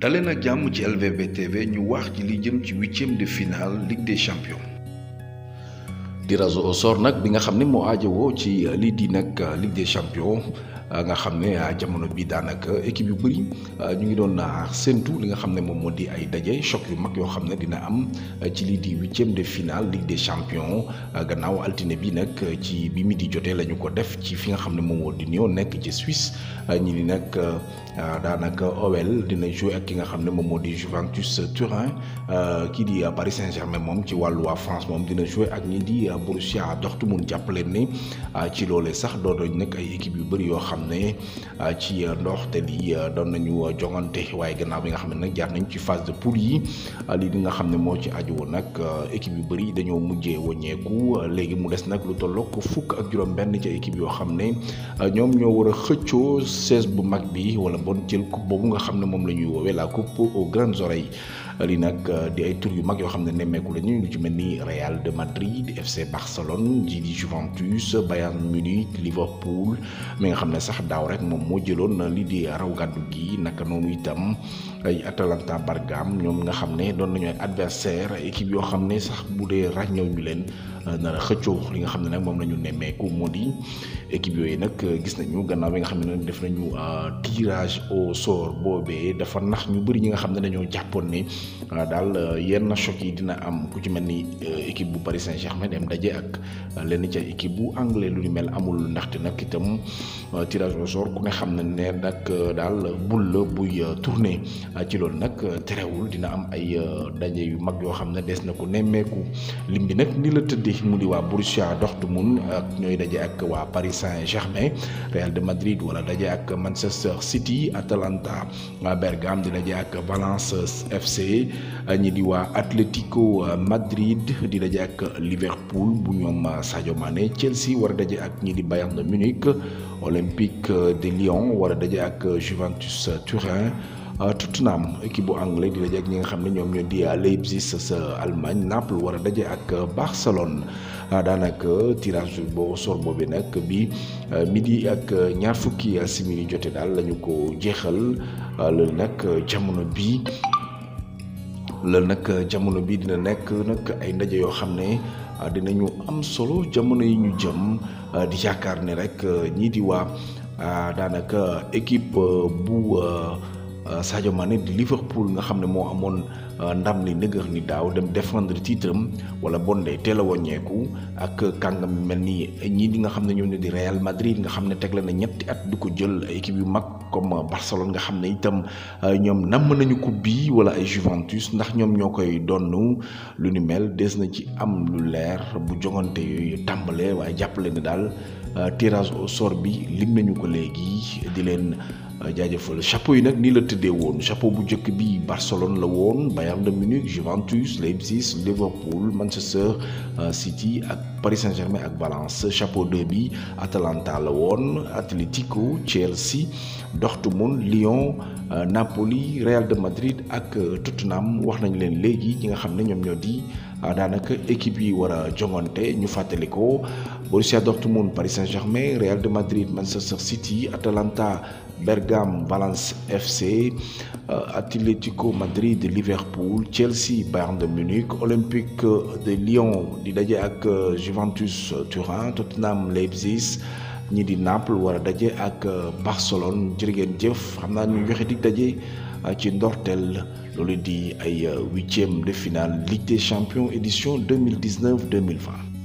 daleen ak jàmm ci LVB TV ñu wax ci li jëm ci huitième de finale Ligue des Champions. tirage au sort nag bi nga xam ne moo aajowoo ci euh, lii di nag euh, Ligue des Champions nga xam ne ah, jamono bi daanaka équipe yu bëri ah, ñu ngi doon ah, séntu li nga xam ne moom moo di ay daje choc yu mag yoo xam ne dina am ci lii di huitième de finale Ligue des champions gannaaw altine bi nag ci bi midi jotee la ko def ci fi nga xam ne moom moo di Nyon nekk ci Suisse ñi ni nag daanaka owel dina jouer ak ki nga xam ne moom moo di Juventus Turin kii di Paris Saint-Germain moom ci wàllu waa France moom dina jouer ak ñi di Borussia Dortmund jàpp leen ne ci loolee sax doon doñ nag ay équipe yu bëri yoo xam xam ah, ci ah, ndox té li ah, doon nañu jongante way gënaaw bi nga xamné nak jaar nañ ci phase de poule yi li nga xamné mo ci aji woon nak équipe yu bari dañoo mujjee wàññeeku légui mu dess nak lu tollok fukk ak juroom benn ci équipe yo xamné ñom ñoo wara xëccio 16 bu mag bi wala bon jël coupe bobu nga xamné mom lañuy wowe la coupe aux grandes oreilles li nak di ay tour yu mag yo xam ne nemmeeku la lu ci melni Real de Madrid FC Barcelone di Juventus Bayern Munich Liverpool mi nga xam sax daaw rek moom moo jëloon lii di raw gàddu gi naka noonu itam ay Atalanta Bergame ñoom nga xam ne doon nañu ay adversaire équipe yoo xam ne sax bu dee ràññew ñu leen euh, nara xëccoo li nga xam ne nag moom la ñu moo di équipe yooyu nag gis nañu gannaaw bi nga xam ne def nañu euh, tirage au sort boobee dafa nax ñu bëri ñi nga xam ne dañoo jàppoon ne euh, daal yenn choc yi dina am ku ci mel ni équipe bu Paris Saint-Germain dem daje ak lenn ca équipe bu anglais lu ñu mel amul ndaxte nag itam. tirage au sort ku ne xam na ne nak euh, dal bul la buy euh, tourné euh, ci loolu nak téréwul dina am ay dajé yu mag yo xamne dess des na ko nemmeeku lim ni la tëddee mu di Borussia Dortmund ak ñoy dajé ak wa Paris Saint-Germain Real de Madrid wala dajé ak Manchester City Atalanta Bergam di dajé ak Valence FC ñi di wa Atlético Madrid di dajé ak Liverpool bu ñom Sadio Mané Chelsea war dajé ak ñi di Bayern de Munich Olympique Olympique euh, de Lyon war daje ak euh, Juventus euh, Turin Tottenham équipe bu anglais di daje ak ñi nga xam ne ñoom ñoo di Leipzig sa Allemagne Naples war daje ak Barcelone daanaka tirage boobu sor boobi nag bi midi ak ñaar fukki simili jote daal lañu ko jeexal loolu nag jamono bi loolu nag jamono bi dina nekk nag ay ndaje yoo xam ne ñu am solo jamono yi ñu jëm di yaakaar ni rek ñii di waa Ah, dan ke ekip berbuah. Euh, Sadio Mané di Liverpool nga xam ne moo amoon euh, ndam li nëgër ni daaw dem défendre titre am wala bon day teel ak kàngam yu mel nii ñii di nga xam ne ñoom ne di Real Madrid nga xam ne teg la na ñetti at du ko jël équipe yu mag comme euh, Barcelone nga xam ne itam ñoom namm nañu ko bii wala ay Juventus ndax ñoom ñoo koy donn lu ni mel des na ci am lu leer bu jongante yooyu tàmbalee waaye jàppale ne daal tirage au sort bi lim nañu ko léegi di leen. chapeau yi nag nii la chapeau bu njëkk bi Barcelone la Bayern de Munich Juventus Leipzig Liverpool Manchester euh, City Paris Saint-Germain ak Valence chapeau de bi Atalanta la woon Atletico Chelsea Dortmund Lyon euh, Napoli Real de Madrid ak euh, Tottenham wax nañ leen léegi nga ah, daanaka équipe yi wara a jongante ñu Borussia Dortmund Paris Saint-Germain Real de Madrid Manchester City Atalanta Bergame Valence FC euh, Atletico Madrid Liverpool Chelsea Bayern de Munich Olympique de Lyon di ak euh, Juventus Turin Tottenham Leipzig ñi di Naples wara daje ak euh, Barcelone jërë ngeen jëf xam ñu joxe dig daje euh, ci ndortel loolu di ay euh, huitième de finale Ligue des champions édition 2019 2020